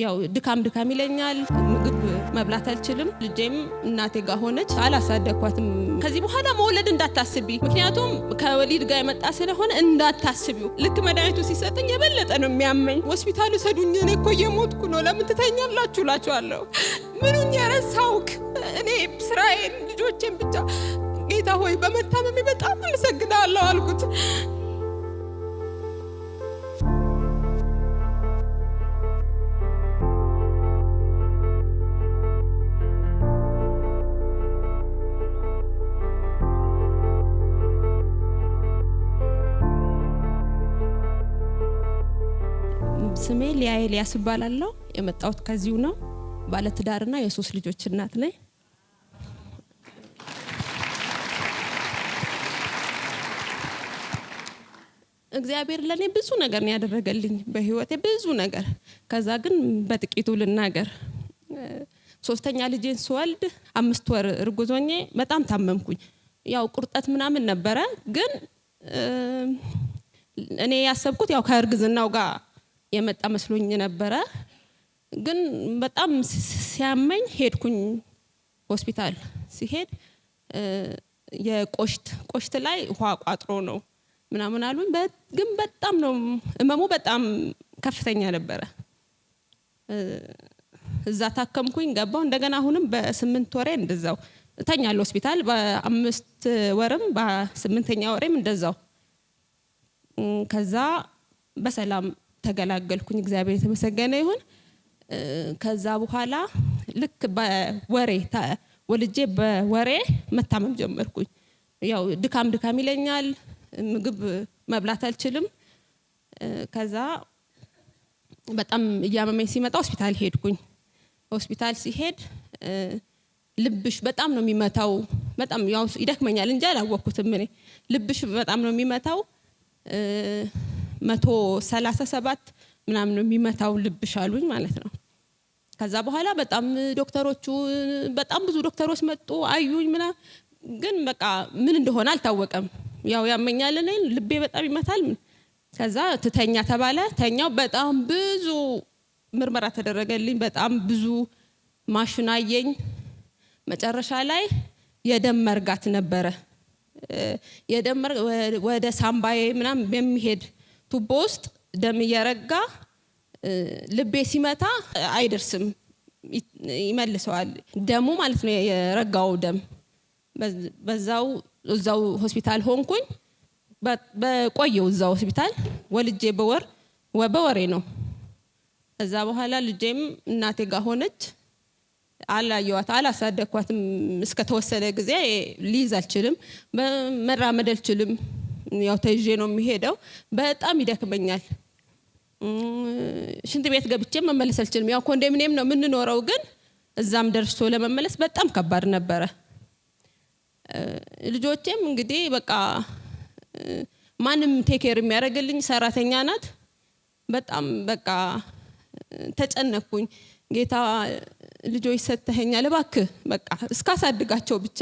ያው ድካም ድካም ይለኛል። ምግብ መብላት አልችልም። ልጄም እናቴ ጋር ሆነች፣ አላሳደግኳትም። ከዚህ በኋላ መውለድ እንዳታስቢ፣ ምክንያቱም ከወሊድ ጋር የመጣ ስለሆነ እንዳታስቢው። ልክ መድኃኒቱ ሲሰጠኝ የበለጠ ነው የሚያመኝ። ሆስፒታሉ ሰዱኝ፣ እኔ እኮ እየሞትኩ ነው፣ ለምን ትተኛላችሁ ላችኋለሁ። ምኑን የረሳውክ እኔ ስራዬን፣ ልጆቼን ብቻ ጌታ ሆይ በመታመሜ በጣም አመሰግናለሁ አልኩት። ሊያ ኤልያስ እባላለሁ። የመጣሁት ከዚሁ ነው። ባለትዳርና የሶስት ልጆች እናት ነኝ። እግዚአብሔር ለእኔ ብዙ ነገር ነው ያደረገልኝ በህይወቴ ብዙ ነገር። ከዛ ግን በጥቂቱ ልናገር። ሶስተኛ ልጄን ስወልድ አምስት ወር እርጉዞኜ በጣም ታመምኩኝ። ያው ቁርጠት ምናምን ነበረ፣ ግን እኔ ያሰብኩት ያው ከእርግዝናው ጋር የመጣ መስሎኝ ነበረ። ግን በጣም ሲያመኝ ሄድኩኝ ሆስፒታል። ሲሄድ የቆሽት ቆሽት ላይ ውሃ ቋጥሮ ነው ምናምን አሉኝ። ግን በጣም ነው እመሙ በጣም ከፍተኛ ነበረ። እዛ ታከምኩኝ ገባው እንደገና አሁንም በስምንት ወሬ እንደዛው እተኛለሁ ሆስፒታል። በአምስት ወርም በስምንተኛ ወሬም እንደዛው ከዛ በሰላም ተገላገልኩኝ። እግዚአብሔር የተመሰገነ ይሁን። ከዛ በኋላ ልክ በወሬ ወልጄ በወሬ መታመም ጀመርኩኝ። ያው ድካም ድካም ይለኛል፣ ምግብ መብላት አልችልም። ከዛ በጣም እያመመኝ ሲመጣ ሆስፒታል ሄድኩኝ። ሆስፒታል ሲሄድ ልብሽ በጣም ነው የሚመታው፣ በጣም ያው ይደክመኛል እንጂ አላወቅኩትም እኔ ልብሽ በጣም ነው የሚመታው መቶ ሰላሳ ሰባት ምናምን የሚመታው ልብሽ አሉኝ ማለት ነው። ከዛ በኋላ በጣም ዶክተሮቹ በጣም ብዙ ዶክተሮች መጡ አዩኝ ምና ግን በቃ ምን እንደሆነ አልታወቀም። ያው ያመኛል እኔን ልቤ በጣም ይመታል። ከዛ ትተኛ ተባለ። ተኛው በጣም ብዙ ምርመራ ተደረገልኝ። በጣም ብዙ ማሽን አየኝ። መጨረሻ ላይ የደም መርጋት ነበረ። የደም ወደ ሳምባዬ ምናምን የሚሄድ ቱቦ ውስጥ ደም እየረጋ ልቤ ሲመታ አይደርስም፣ ይመልሰዋል ደሙ ማለት ነው የረጋው ደም። በዛው እዛው ሆስፒታል ሆንኩኝ። በቆየው እዛው ሆስፒታል ወልጄ በወር በወሬ ነው። ከዛ በኋላ ልጄም እናቴ ጋር ሆነች። አላየዋት አላሳደግኳትም። እስከተወሰነ ጊዜ ሊይዝ አልችልም፣ መራመድ አልችልም። ያው ተይዤ ነው የሚሄደው። በጣም ይደክመኛል። ሽንት ቤት ገብቼ መመለስ አልችልም። ያው ኮንዶሚኒየም ነው የምንኖረው፣ ግን እዛም ደርሶ ለመመለስ በጣም ከባድ ነበረ። ልጆቼም እንግዲህ በቃ ማንም ቴኬር የሚያደርግልኝ ሰራተኛ ናት። በጣም በቃ ተጨነኩኝ። ጌታ ልጆች ሰተኸኛል፣ እባክህ በቃ እስካሳድጋቸው ብቻ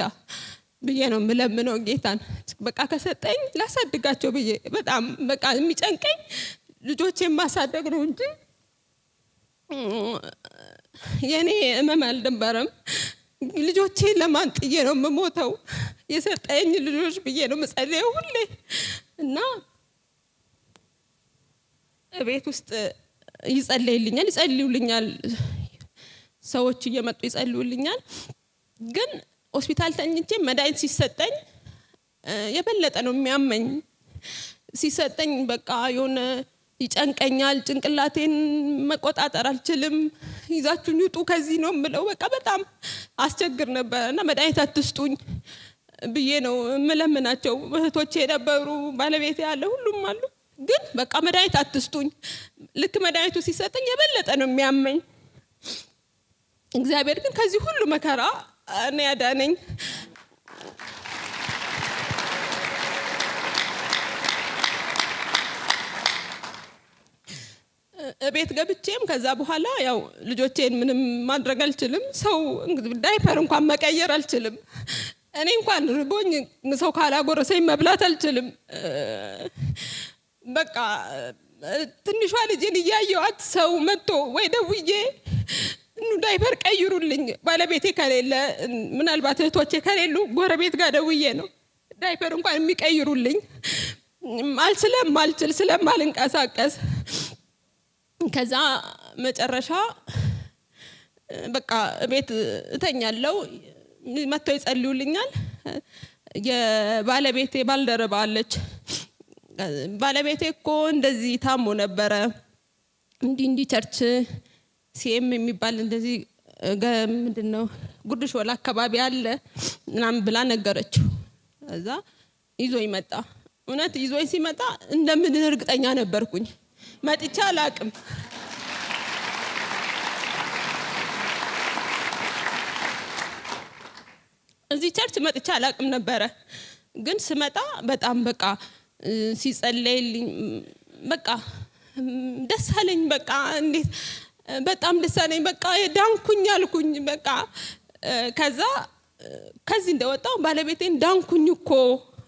ብዬ ነው የምለምነው ጌታን። በቃ ከሰጠኝ ላሳድጋቸው ብዬ በጣም በቃ የሚጨንቀኝ ልጆች የማሳደግ ነው እንጂ የእኔ እመም አልነበረም። ልጆቼን ለማን ጥዬ ነው የምሞተው? የሰጠኝ ልጆች ብዬ ነው መጸለየ ሁሌ እና ቤት ውስጥ ይጸልይልኛል፣ ይጸልዩልኛል፣ ሰዎች እየመጡ ይጸልዩልኛል ግን ሆስፒታል ተኝቼ መድኃኒት ሲሰጠኝ የበለጠ ነው የሚያመኝ። ሲሰጠኝ በቃ የሆነ ይጨንቀኛል። ጭንቅላቴን መቆጣጠር አልችልም። ይዛችሁን ውጡ ከዚህ ነው የምለው። በቃ በጣም አስቸግር ነበር እና መድኃኒት አትስጡኝ ብዬ ነው የምለምናቸው። እህቶቼ የነበሩ ባለቤት ያለ ሁሉም አሉ። ግን በቃ መድኃኒት አትስጡኝ። ልክ መድኃኒቱ ሲሰጠኝ የበለጠ ነው የሚያመኝ። እግዚአብሔር ግን ከዚህ ሁሉ መከራ እኔ ያዳነኝ ቤት ገብቼም ከዛ በኋላ ያው ልጆቼን ምንም ማድረግ አልችልም። ሰው ዳይፐር እንኳን መቀየር አልችልም። እኔ እንኳን ርቦኝ ሰው ካላጎረሰኝ መብላት አልችልም። በቃ ትንሿ ልጅን እያየዋት ሰው መጥቶ ወይ ደውዬ ዳይፐር ቀይሩልኝ፣ ባለቤቴ ከሌለ ምናልባት እህቶቼ ከሌሉ ጎረቤት ጋር ደውዬ ነው ዳይፐር እንኳን የሚቀይሩልኝ ስለማልችል ስለማልንቀሳቀስ። ከዛ መጨረሻ በቃ ቤት እተኛለው፣ መጥተው ይጸልዩልኛል። የባለቤቴ ባልደረባ አለች። ባለቤቴ እኮ እንደዚህ ታሞ ነበረ እንዲ እንዲ ቸርች ሲኤም የሚባል እንደዚህ ምንድን ነው ጉርድ አካባቢ አለ ምናምን ብላ ነገረችው። እዛ ይዞኝ መጣ። እውነት ይዞኝ ሲመጣ እንደምን እርግጠኛ ነበርኩኝ። መጥቻ አላቅም እዚህ ቸርች መጥቻ አላቅም ነበረ። ግን ስመጣ በጣም በቃ ሲጸለይልኝ በቃ ደስ አለኝ። በቃ እንዴት በጣም ደስ አለኝ። በቃ ዳንኩኝ አልኩኝ። በቃ ከዛ ከዚህ እንደወጣው ባለቤቴን ዳንኩኝ እኮ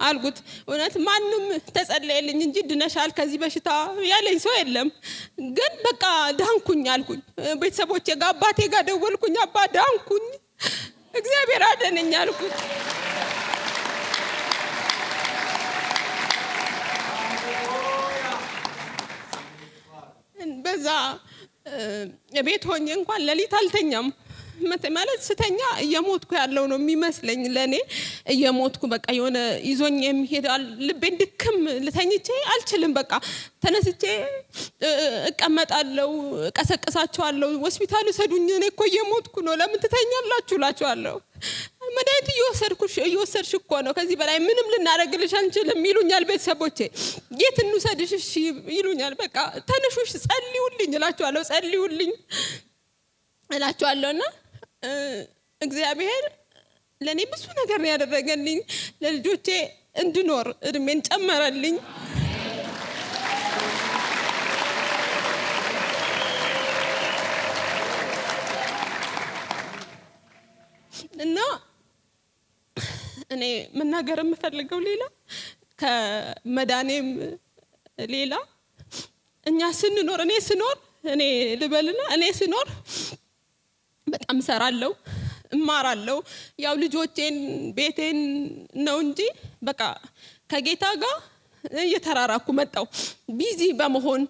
አልኩት። እውነት ማንም ተጸለየልኝ እንጂ ድነሻል ከዚህ በሽታ ያለኝ ሰው የለም። ግን በቃ ዳንኩኝ አልኩኝ። ቤተሰቦቼ ጋር አባቴ ጋር ደወልኩኝ። አባ ዳንኩኝ፣ እግዚአብሔር አደነኝ አልኩኝ። በዛ ቤት ሆኜ እንኳን ሌሊት አልተኛም። ማለት ስተኛ እየሞትኩ ያለው ነው የሚመስለኝ ለእኔ እየሞትኩ በቃ የሆነ ይዞኝ የሚሄድ ልቤን ድክም ልተኝቼ አልችልም። በቃ ተነስቼ እቀመጣለው እቀሰቅሳቸዋለሁ። ሆስፒታል ውሰዱኝ፣ እኔ እኮ እየሞትኩ ነው፣ ለምን ትተኛላችሁ? እላቸዋለሁ። መድኃኒት እየወሰድሽ እኮ ነው። ከዚህ በላይ ምንም ልናደርግልሽ አንችልም ይሉኛል ቤተሰቦቼ። የት እንውሰድሽ እሺ ይሉኛል። በቃ ተነሹሽ፣ ጸልዩልኝ እላቸዋለሁ። ጸልዩልኝ እላቸዋለሁ። እና እግዚአብሔር ለእኔ ብዙ ነገር ነው ያደረገልኝ። ለልጆቼ እንድኖር እድሜን ጨመረልኝ። እና እኔ መናገር የምፈልገው ሌላ ከመዳኔም ሌላ እኛ ስንኖር እኔ ስኖር እኔ ልበልና እኔ ስኖር በጣም ሰራለው እማራለው ያው ልጆቼን ቤቴን ነው እንጂ በቃ ከጌታ ጋር እየተራራኩ መጣው ቢዚ በመሆን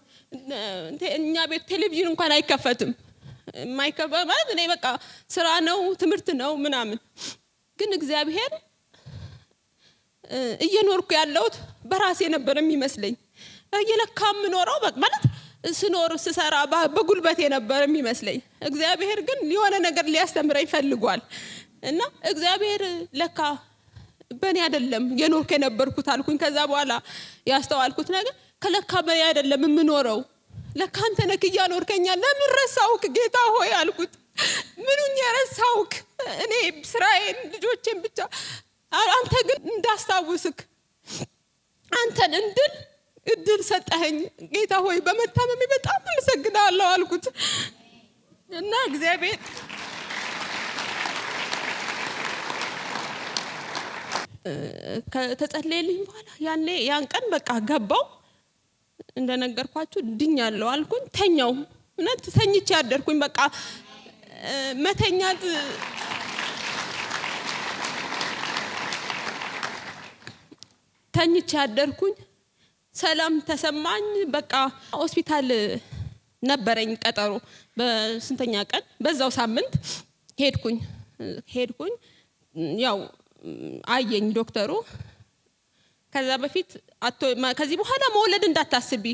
እኛ ቤት ቴሌቪዥን እንኳን አይከፈትም። የማይከፈት ማለት እኔ በቃ ስራ ነው፣ ትምህርት ነው ምናምን ግን እግዚአብሔር እየኖርኩ ያለሁት በራሴ ነበር የሚመስለኝ። እየለካ የምኖረው ማለት ስኖር ስሰራ በጉልበቴ ነበር የሚመስለኝ። እግዚአብሔር ግን የሆነ ነገር ሊያስተምረኝ ይፈልጓል እና እግዚአብሔር ለካ በእኔ አይደለም የኖርኩ የነበርኩት አልኩኝ። ከዛ በኋላ ያስተዋልኩት ነገር ከለካ በእኔ አይደለም የምኖረው ለካ አንተ ነህ እያኖርከኛ። ለምን ረሳውክ ጌታ ሆይ አልኩት። ምኑን የረሳውክ? እኔ ስራዬን ልጆቼን ብቻ አንተ ግን እንዳስታውስክ አንተን እንድል እድል ሰጠኸኝ ጌታ ሆይ በመታመሚ በጣም አመሰግናለሁ አልኩት እና እግዚአብሔር ከተጸለየልኝ በኋላ ያኔ ያን ቀን በቃ ገባው እንደነገርኳችሁ ድኛለሁ አልኩኝ ተኛው እውነት ተኝቼ ያደርኩኝ በቃ መተኛት ተኝቼ ያደርኩኝ። ሰላም ተሰማኝ። በቃ ሆስፒታል ነበረኝ ቀጠሮ በስንተኛ ቀን በዛው ሳምንት ሄድኩኝ ሄድኩኝ ያው አየኝ ዶክተሩ። ከዛ በፊት ከዚህ በኋላ መውለድ እንዳታስቢ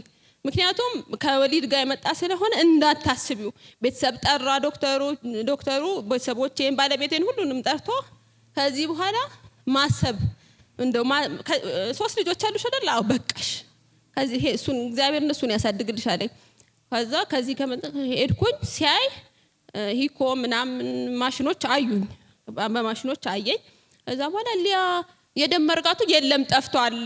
ምክንያቱም ከወሊድ ጋር የመጣ ስለሆነ እንዳታስቢው። ቤተሰብ ጠራ ዶክተሩ ዶክተሩ ቤተሰቦቼን ባለቤቴን ሁሉንም ጠርቶ ከዚህ በኋላ ማሰብ እንደው ሶስት ልጆች አሉሽ አይደል? አዎ በቃሽ። ከዚህ ይሄ እሱን እግዚአብሔር እነሱን ያሳድግልሽ አለኝ። ከዛ ከዚህ ከመጣ ሄድኩኝ ሲያይ ሂኮ ምናምን ማሽኖች አዩኝ፣ በማሽኖች አየኝ። ከዛ በኋላ ሊያ የደም መርጋቱ የለም ጠፍቷል።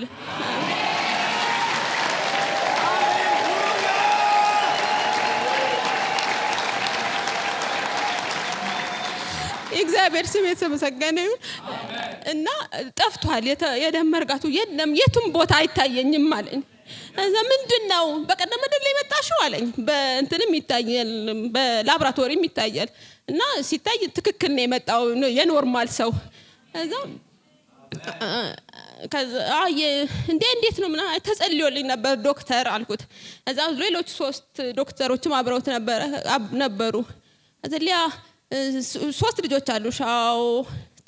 የእግዚአብሔር ስም የተመሰገነ ይሁን እና ጠፍቷል። የደም የለም፣ የቱም ቦታ አይታየኝም አለኝ። እዛ ምንድን ነው በቀደም ምድር ላይ መጣሽው አለኝ። በእንትንም ይታያል፣ በላብራቶሪም ይታያል። እና ሲታይ ትክክል ነው የመጣው የኖርማል ሰው እዛ እንዴ እንዴት ነው ምና ተጸልዮልኝ ነበር ዶክተር አልኩት። እዛ ሌሎች ሶስት ዶክተሮችም አብረውት ነበሩ። እዛ ሶስት ልጆች አሉ ሻው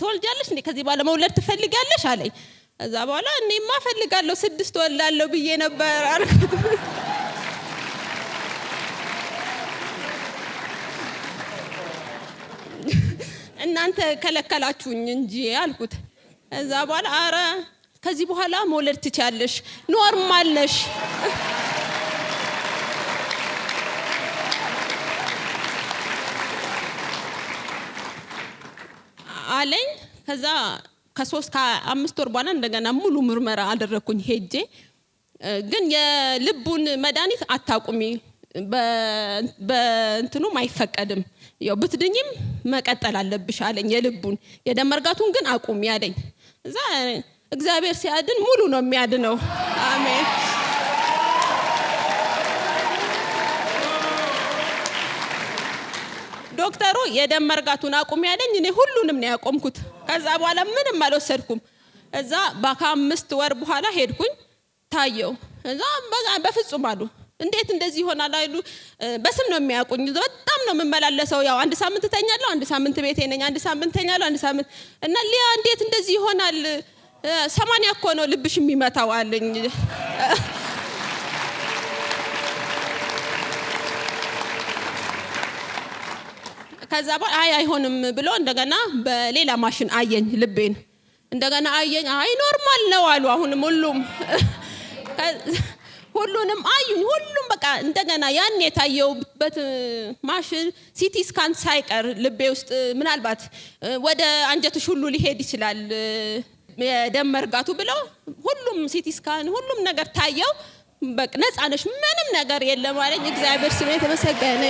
ትወልጃለሽ እንዴ ከዚህ በኋላ መውለድ ትፈልጊያለሽ አለኝ። ከዛ በኋላ እኔማ እፈልጋለሁ ስድስት ወልዳለሁ ብዬ ነበር አልኩት። እናንተ ከለከላችሁኝ እንጂ አልኩት። እዛ በኋላ አረ ከዚህ በኋላ መውለድ ትቻለሽ ኖርማል ነሽ አለኝ። ከዛ ከሶስት ከአምስት ወር በኋላ እንደገና ሙሉ ምርመራ አደረግኩኝ ሄጄ ግን የልቡን መድኃኒት አታቁሚ በእንትኑም አይፈቀድም፣ ያው ብትድኝም መቀጠል አለብሽ አለኝ። የልቡን የደም መርጋቱን ግን አቁሚ አለኝ። እዛ እግዚአብሔር ሲያድን ሙሉ ነው የሚያድነው። አሜን። ዶክተሩ የደም መርጋቱን አቁም ያለኝ፣ እኔ ሁሉንም ነው ያቆምኩት። ከዛ በኋላ ምንም አልወሰድኩም። እዛ ከአምስት ወር በኋላ ሄድኩኝ ታየው። እዛ በፍጹም አሉ እንዴት እንደዚህ ይሆናል አይሉ። በስም ነው የሚያውቁኝ። በጣም ነው የምመላለሰው። ያው አንድ ሳምንት ተኛለሁ፣ አንድ ሳምንት ቤቴ ነኝ፣ አንድ ሳምንት ተኛለሁ፣ አንድ ሳምንት እና ሊያ እንዴት እንደዚህ ይሆናል ሰማንያ እኮ ነው ልብሽ የሚመታው አለኝ። ከዛ በኋላ አይ አይሆንም ብሎ እንደገና በሌላ ማሽን አየኝ ልቤን እንደገና አየኝ። አይ ኖርማል ነው አሉ። አሁንም ሁሉም ሁሉንም አዩኝ። ሁሉም በቃ እንደገና ያን የታየውበት ማሽን ሲቲ ስካን ሳይቀር ልቤ ውስጥ ምናልባት ወደ አንጀትሽ ሁሉ ሊሄድ ይችላል የደም መርጋቱ ብለው ሁሉም ሲቲ ስካን ሁሉም ነገር ታየው። በቃ ነፃ ነሽ፣ ምንም ነገር የለም አለኝ። እግዚአብሔር ስሜ የተመሰገነ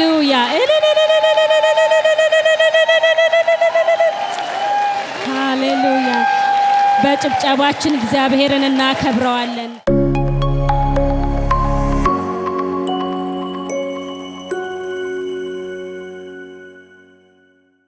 Hallelujah. ሃሌሉያ። በጭብጨባችን እግዚአብሔርን እናከብረዋለን።